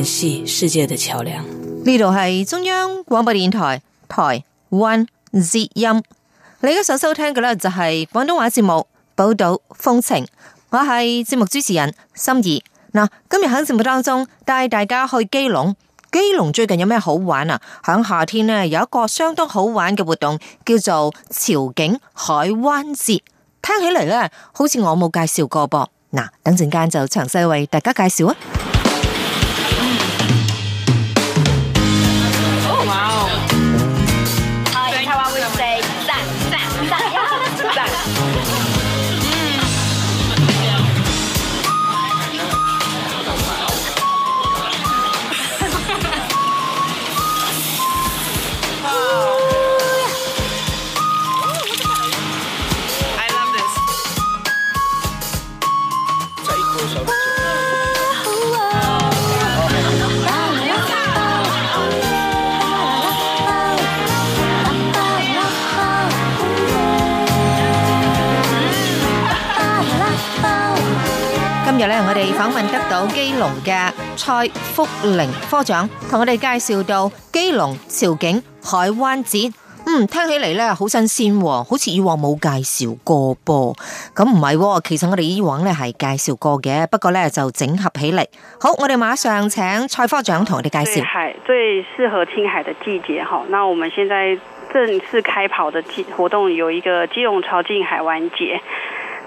聯繫世界的橋梁，呢度係中央廣播電台台灣節音，你而家所收聽嘅咧就係廣東話節目《寶島風情》，我係節目主持人心怡嗱。今日響節目當中帶大家去基隆，基隆最近有咩好玩啊？響夏天呢，有一個相當好玩嘅活動，叫做潮境海灣節，聽起嚟呢，好似我冇介紹過噃。嗱，等陣間就詳細為大家介紹啊！龍嘅蔡福玲科長同我哋介紹到基隆潮景海灣節。嗯，聽起嚟呢好新鮮，好似以往冇介紹過噃。咁唔係，其實我哋以往呢係介紹過嘅，不過呢就整合起嚟。好，我哋馬上請蔡科長同我哋介紹。最最適合青海的季節。好，那我們現在正式開跑的季活動有一個基隆潮景海灣節。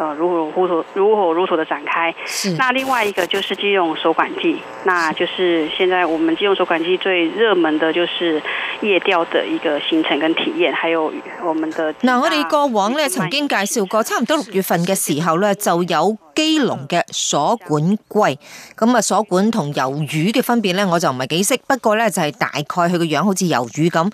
呃，如火如火如荼的展開。是，那另外一個就是基隆鎖管季，那就是現在我們基隆鎖管季最熱門的就是夜釣的一個行程、跟體驗，還有我們的。嗱，我哋過往呢曾經介紹過，差唔多六月份嘅時候呢就有基隆嘅鎖管龜，咁啊鎖管同魷魚嘅分別呢我就唔係幾識，不過呢就係大概佢個樣好似魷魚咁。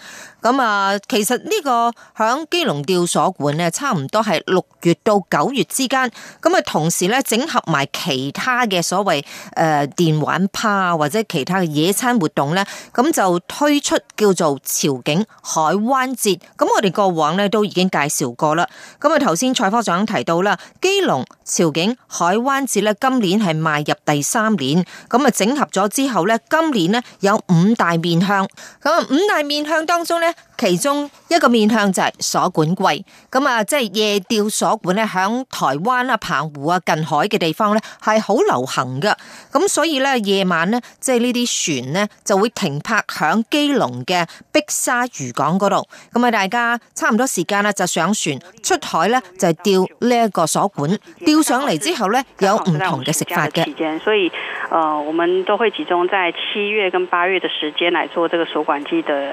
咁啊，其實呢個響基隆釣所館咧，差唔多係六月到九月之間。咁啊，同時咧整合埋其他嘅，所謂誒電玩趴啊，或者其他嘅野餐活動咧，咁就推出叫做潮境海灣節。咁我哋過往咧都已經介紹過啦。咁啊，頭先蔡科長提到啦，基隆潮境海灣節咧，今年係邁入第三年。咁啊，整合咗之後咧，今年咧有五大面向。咁啊，五大面向當中咧。其中一個面向就係鎖管季，咁啊，即係夜釣鎖管咧，響台灣啊、澎湖啊、近海嘅地方咧係好流行噶，咁所以咧夜晚咧即係呢啲船咧就會停泊響基隆嘅碧沙漁港嗰度，咁啊大家差唔多時間啦就上船出海咧就係釣呢一個鎖管，釣上嚟之後咧有唔同嘅食法嘅，所以，呃，我們都會集中在七月跟八月嘅時間嚟做這個鎖管季嘅。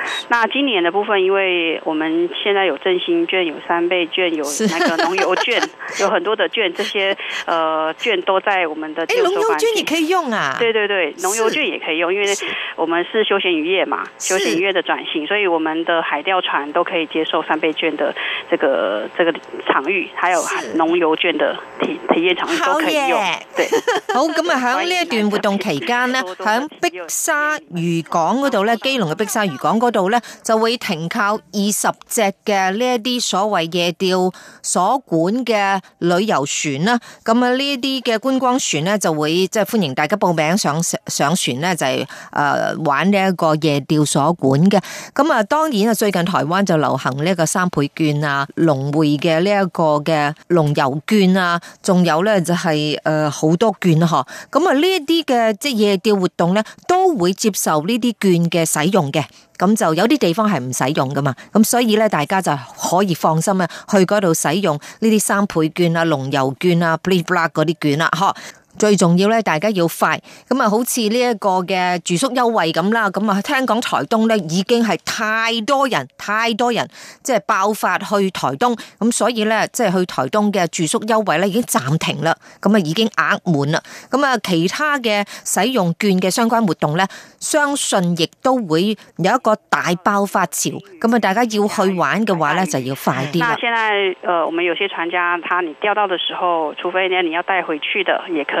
那今年的部分，因為我們現在有振興券、有三倍券、有那個農遊券，有很多的券，這些，呃，券都在我們的。哎，農遊券你可以用啊！對對對，農遊券也可以用，是因為，我們是休閒漁業嘛，是休閒漁業的轉型，所以我們的海釣船都可以接受三倍券的這個這個場域，還有農遊券的體體驗場域都可以用。對，好咁耶啊，響呢對一段活動期間呢，響 碧沙漁港嗰度呢，基隆嘅碧沙漁港嗰度。咧就會停靠二十隻嘅呢一啲所謂夜釣所管嘅旅遊船啦。咁啊，呢一啲嘅觀光船咧就會即係、就是、歡迎大家報名上上船咧、就是，就係誒玩呢一個夜釣所管嘅。咁啊，當然啊，最近台灣就流行呢一個三倍券啊、農會嘅呢一個嘅農遊券啊，仲有咧就係誒好多券嗬。咁啊，呢一啲嘅即係夜釣活動咧，都會接受呢啲券嘅使用嘅。咁就有啲地方係唔使用噶嘛，咁所以咧，大家就可以放心啊，去嗰度使用呢啲三倍券啊、龍遊券啊、black 嗰啲券啦、啊，最重要咧，大家要快咁啊！好似呢一個嘅住宿優惠咁啦，咁啊聽講台東咧已經係太多人，太多人即係爆發去台東咁，所以咧即係去台東嘅住宿優惠咧已經暫停啦，咁啊已經額滿啦。咁啊，其他嘅使用券嘅相關活動咧，相信亦都會有一個大爆發潮。咁啊，大家要去玩嘅話咧，就要快啲啦。那現在，誒，我們有些船家，他你釣到的時候，除非咧你要帶回去的，也可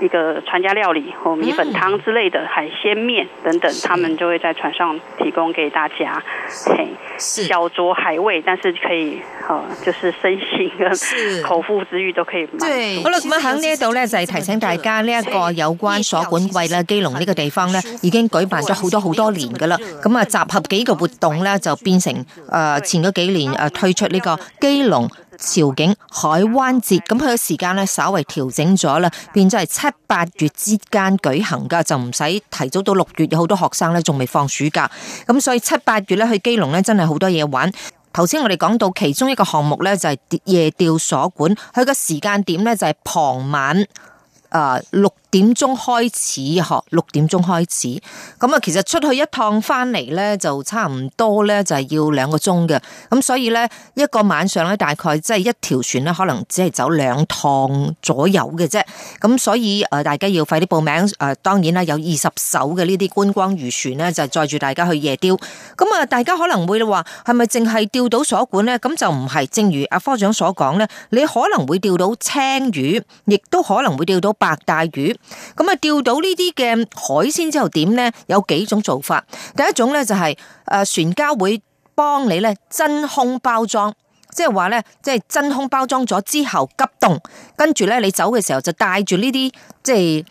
一個船家料理或米粉湯之類的海鮮麵等等，mm. 他們就會在船上提供給大家，小酌是海味，但是可以，啊、就是身心跟口腹之欲都可以滿足。好啦，咁樣喺呢一度呢，就係、是、提醒大家呢一、這個有關所管衛啦，基隆呢個地方呢，已經舉辦咗好多好多年噶啦，咁啊集合幾個活動呢，就變成誒、呃、前嗰幾年誒推出呢個基隆。潮境海灣節，咁佢個時間咧稍為調整咗啦，變咗係七八月之間舉行噶，就唔使提早到六月，有好多學生咧仲未放暑假。咁所以七八月咧去基隆咧真係好多嘢玩。頭先我哋講到其中一個項目咧就係夜釣鎖管，佢個時間點咧就係傍晚，誒、呃、六點鐘開始學，六點鐘開始，咁啊，其實出去一趟返嚟咧就差唔多咧，就係要兩個鐘嘅，咁所以咧一個晚上咧，大概即係一條船咧，可能只係走兩趟左右嘅啫，咁所以誒，大家要快啲報名誒，當然啦，有二十艘嘅呢啲觀光漁船咧，就載住大家去夜釣，咁啊，大家可能會話係咪淨係釣到鎖管咧？咁就唔係，正如阿科長所講咧，你可能會釣到青魚，亦都可能會釣到白帶魚。咁啊，釣到呢啲嘅海鮮之後點呢？有幾種做法？第一種呢，就係誒，船家會幫你咧真空包裝，即係話呢，即係真空包裝咗之後急凍，跟住呢，你走嘅時候就帶住呢啲即係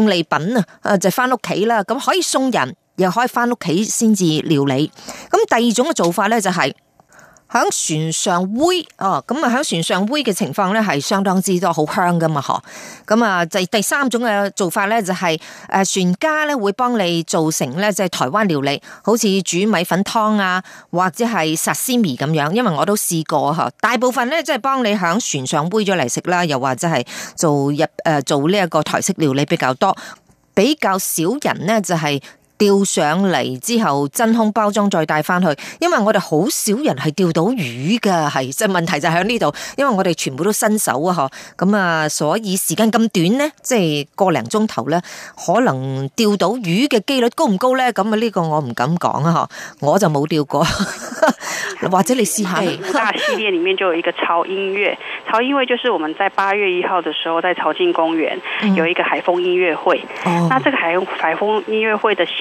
勝利品啊，就翻屋企啦。咁可以送人，又可以翻屋企先至料理。咁第二種嘅做法呢，就係。喺船上煨哦，咁啊喺船上煨嘅情況咧係相當之多，好香噶嘛嗬。咁啊，就第三種嘅做法咧就係誒船家咧會幫你做成咧即係台灣料理，好似煮米粉湯啊，或者係沙西米咁樣。因為我都試過嗬，大部分咧即係幫你喺船上煨咗嚟食啦，又或者係做日誒做呢一個台式料理比較多，比較少人咧就係、是。釣上嚟之後真空包裝再帶翻去，因為我哋好少人係釣到魚噶，係即係問題就喺呢度，因為我哋全部都新手啊，嗬，咁啊，所以時間咁短咧，即、就、係、是、個零鐘頭咧，可能釣到魚嘅幾率高唔高呢？咁啊，呢、這個我唔敢講啊，我就冇釣過， 或者你試下五大系列裏面就有一個潮音樂， 潮音樂就是我們在八月一號的時候，在潮境公園有一個海風音樂會，嗯、那這個海海風音樂會的。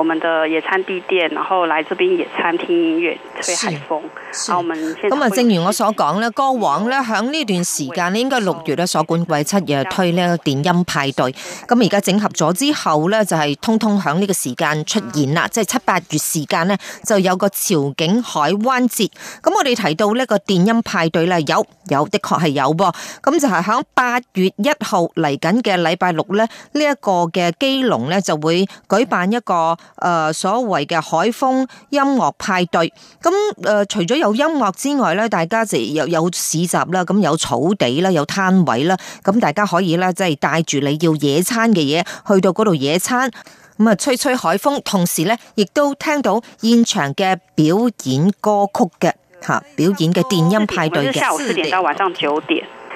我們的野餐地墊，然後來這邊野餐聽音樂吹海風。咁啊，我們正如我所講咧，過往咧響呢段時間咧，應該六月咧所管季七月推呢個電音派對。咁而家整合咗之後咧，就係通通響呢個時間出現啦。即係七八月時間咧，就有個潮境海灣節。咁我哋提到呢個電音派對咧，有有的確係有噃。咁就係響八月一號嚟緊嘅禮拜六咧，呢、這、一個嘅基隆咧就會舉辦一個。誒、呃，所謂嘅海風音樂派對，咁、呃、誒，除咗有音樂之外咧，大家就有有市集啦，咁有草地啦，有攤位啦，咁大家可以咧即係帶住你要野餐嘅嘢去到嗰度野餐，咁啊吹吹海風，同時咧亦都聽到現場嘅表演歌曲嘅吓，表演嘅電音派對嘅。下午四點到晚上九點。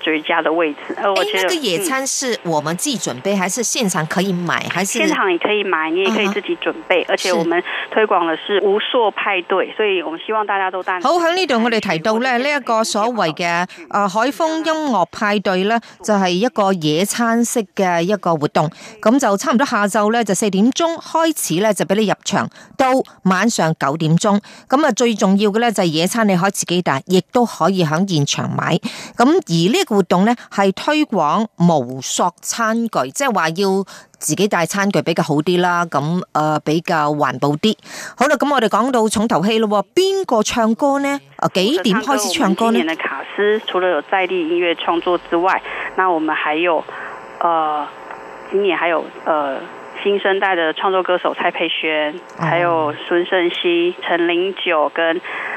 最佳的位置。誒，那個野餐是我們自己準備，嗯、還是現場可以買？還是現場也可以買，你也可以自己準備。嗯啊、而且我們推廣的是無塑派對，所以我們希望大家都帶。好，喺呢度我哋提到咧，呢一個所謂嘅誒海風音樂派對呢，就係、是、一個野餐式嘅一個活動。咁就差唔多下晝呢，就四點鐘開始呢，就俾你入場，到晚上九點鐘。咁啊最重要嘅呢，就係、是、野餐，你可以自己帶，亦都可以喺現場買。咁而呢個活動呢，係推廣無塑餐具，即係話要自己帶餐具比較好啲啦。咁誒、呃，比較環保啲。好啦，咁我哋講到重頭戲咯，邊個唱歌呢？啊，幾點開始唱歌呢？今年的卡斯除了有在地音樂創作之外，那我們還有，誒，今年還有，誒，新生代的創作歌手蔡佩軒，還有孫盛希、陳零九跟。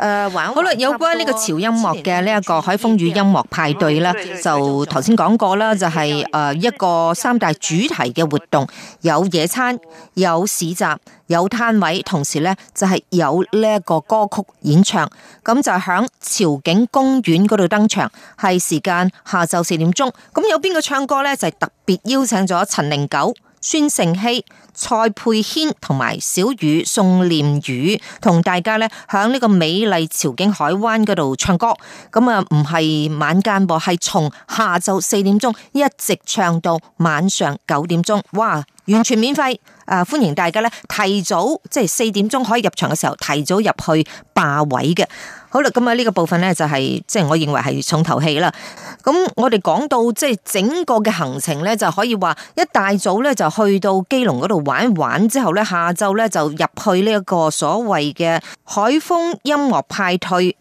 誒、嗯，好啦，有關呢個潮音樂嘅呢一個海風與音樂派對啦，就頭先講過啦，就係、是、誒一個三大主題嘅活動，有野餐，有市集，有攤位，同時咧就係、是、有呢一個歌曲演唱，咁就喺潮境公園嗰度登場，係時間下晝四點鐘，咁有邊個唱歌咧就係、是、特別邀請咗陳零九、孫盛希、蔡佩軒同埋小雨、宋念宇同大家咧響呢個美麗潮境海灣嗰度唱歌，咁啊唔係晚間噃，係從下晝四點鐘一直唱到晚上九點鐘，哇！完全免費啊，歡迎大家咧提早即係四點鐘可以入場嘅時候提早入去霸位嘅。好啦，咁啊呢個部分咧就係即係我認為係重頭戲啦。咁我哋講到即係、就是、整個嘅行程咧，就可以話一大早咧就去到基隆嗰度玩一玩之後咧，下晝咧就入去呢一個所謂嘅海風音樂派對。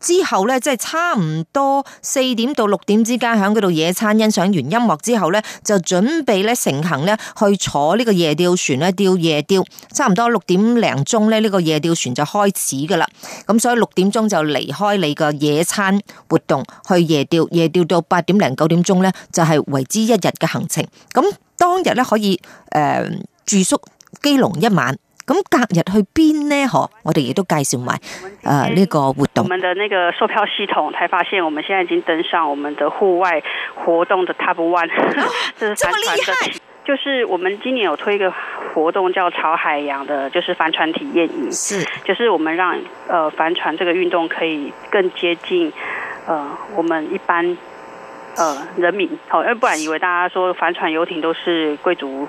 之後咧，即係差唔多四點到六點之間，喺嗰度野餐，欣賞完音樂之後咧，就準備咧成行咧去坐呢個夜釣船咧釣夜釣。差唔多六點零鐘咧，呢個夜釣船就開始噶啦。咁所以六點鐘就離開你個野餐活動，去夜釣。夜釣到八點零九點鐘咧，就係為之一日嘅行程。咁當日咧可以誒住宿基隆一晚。咁隔日去邊呢？嗬，我哋亦都介紹埋誒呢個活動。我們的那個售票系統，才發現我們現在已經登上我們的戶外活動的 Top One，啊。這是帆船的，這麼厲害？就是我們今年有推一個活動叫潮海洋的，就是帆船體驗營。是，就是我們讓帆船這個運動可以更接近，我們一般人民，好，因為不然以為大家說帆船遊艇都是貴族。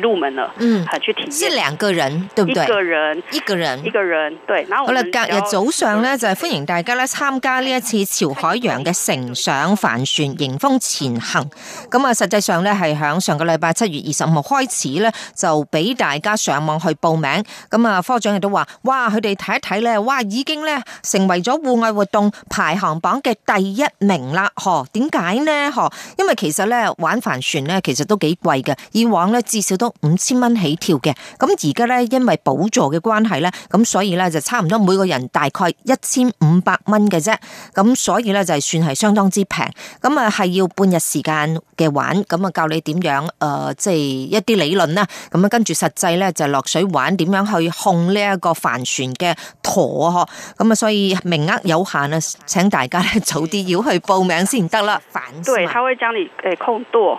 入門嗯，去體驗，即係兩個人，對不對？一個人，一個人，一個人，對。好啦，隔日早上咧就係、是、歡迎大家咧參加呢一次潮海洋嘅乘上帆船迎風前行。咁啊，實際上咧係響上個禮拜七月二十五號開始咧就俾大家上網去報名。咁啊，科長亦都話，哇，佢哋睇一睇咧，哇，已經咧成為咗戶外活動排行榜嘅第一名啦。嗬，點解呢？嗬，因為其實咧玩帆船咧其實都幾貴嘅，以往咧至少。都五千蚊起跳嘅。咁而家咧因為補助嘅關係咧，咁所以咧就差唔多每個人大概一千五百蚊嘅啫，咁所以咧就係算係相當之平，咁啊係要半日時間嘅玩，咁啊教你點樣誒，即、呃、係、就是、一啲理論啦，咁啊跟住實際咧就落水玩，點樣去控呢一個帆船嘅舵嗬，咁啊所以名額有限啊，請大家咧早啲要去報名先得啦。反對，他會將你誒控多。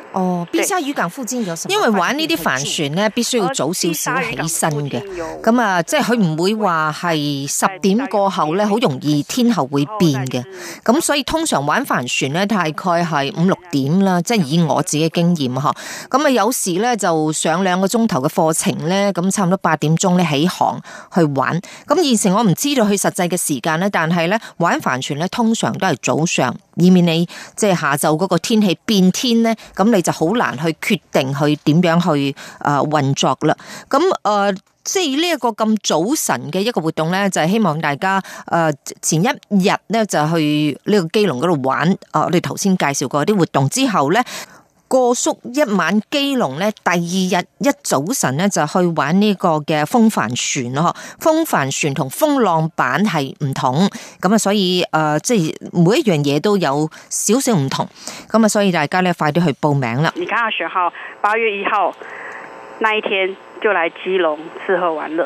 哦，白沙漁港附近咗。什？因為玩呢啲帆船咧，船必須要早少少起身嘅，咁啊，即係佢唔會話係十點過後咧，好容易天候會變嘅，咁所以通常玩帆船咧，大概係五六點啦，即係以我自己經驗嗬。咁啊有時咧就上兩個鐘頭嘅課程咧，咁差唔多八點鐘咧起航去玩，咁以前我唔知道佢實際嘅時間咧，但係咧玩帆船咧通常都係早上。以免你即係、就是、下晝嗰個天氣變天咧，咁你就好難去決定去點樣去啊運作啦。咁啊，即係呢一個咁早晨嘅一個活動咧，就係、希望大家、呃、前一日咧就去呢個基隆嗰度玩。啊、呃，我哋頭先介紹過啲活動之後咧。過宿一晚基隆咧，第二日一早晨咧就去玩呢個嘅風帆船咯。風帆船同風浪板係唔同，咁啊所以誒即係每一樣嘢都有少少唔同，咁啊所以大家咧快啲去報名啦。而家嘅學校，八月一號那一天就嚟基隆吃喝玩樂。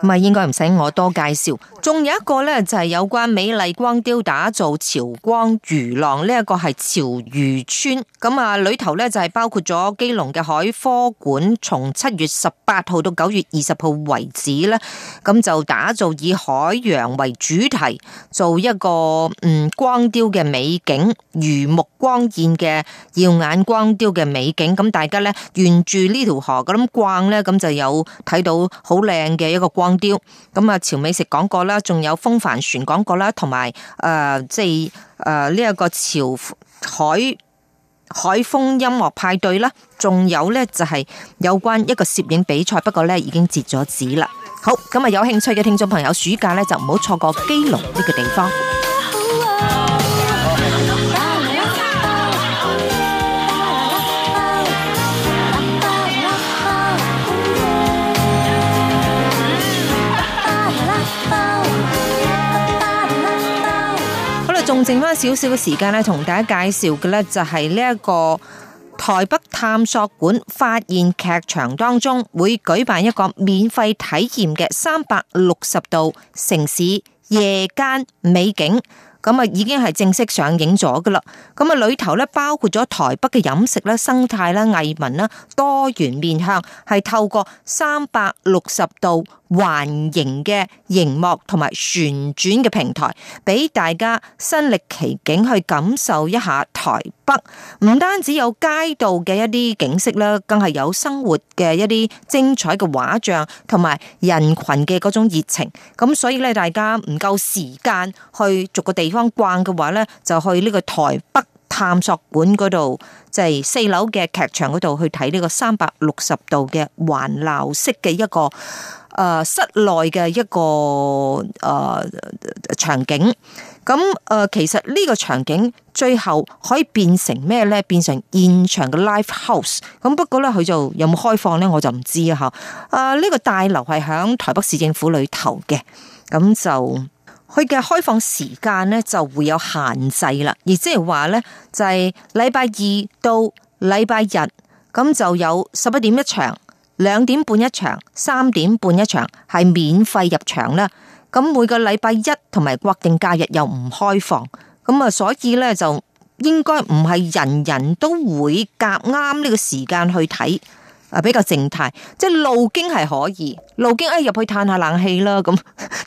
咁啊，應該唔使我多介紹。仲有一個咧，就係、是、有關美麗光雕打造潮光漁浪呢一、這個係潮漁村。咁啊，裏頭咧就係、是、包括咗基隆嘅海科館，從七月十八號到九月二十號為止咧，咁就打造以海洋為主題，做一個嗯光雕嘅美景，如目光艷嘅耀眼光雕嘅美景。咁大家咧沿住呢條河咁樣逛咧，咁就有睇到好靚嘅一個光。咁啊，潮美食講過啦，仲有風帆船講過啦，同埋誒，即係誒呢一個潮海海風音樂派對啦，仲有呢，就係有關一個攝影比賽，不過呢已經截止咗啦。好，咁啊有興趣嘅聽眾朋友，暑假呢就唔好錯過基隆呢個地方。仲剩翻少少嘅時間咧，同大家介紹嘅呢就係呢一個台北探索館發現劇場當中會舉辦一個免費體驗嘅三百六十度城市夜間美景，咁啊已經係正式上映咗噶啦。咁啊裏頭呢包括咗台北嘅飲食啦、生態啦、藝文啦、多元面向，係透過三百六十度。環形嘅熒幕同埋旋轉嘅平台，俾大家身歷其境去感受一下台北。唔單止有街道嘅一啲景色啦，更係有生活嘅一啲精彩嘅畫像，同埋人群嘅嗰種熱情。咁所以咧，大家唔夠時間去逐個地方逛嘅話呢，就去呢個台北探索館嗰度，就係四樓嘅劇場嗰度去睇呢個三百六十度嘅環繞式嘅一個。誒、呃、室內嘅一個誒、呃、場景，咁、呃、誒其實呢個場景最後可以變成咩咧？變成現場嘅 live house，咁不過咧佢就有冇開放咧，我就唔知吓啊，呢個大樓係響台北市政府裏頭嘅，咁就佢嘅開放時間咧就會有限制啦，而即係話咧就係、就是、禮拜二到禮拜日咁就有十一點一場。兩點半一場，三點半一場，係免費入場啦。咁每個禮拜一同埋國定假日又唔開放，咁啊，所以呢，就應該唔係人人都會夾啱呢個時間去睇。啊，比較靜態，即係路經係可以，路經哎入去嘆下冷氣啦，咁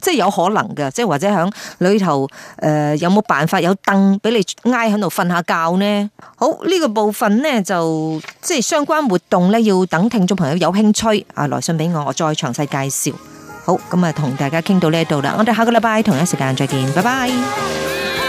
即係有可能嘅，即係或者響裏頭誒，有冇辦法有凳俾你挨喺度瞓下覺呢？好，呢個部分呢，就即係相關活動呢，要等聽眾朋友有興趣啊來信俾我，我再詳細介紹。好，咁啊同大家傾到呢一度啦，我哋下個禮拜同一時間再見，拜拜。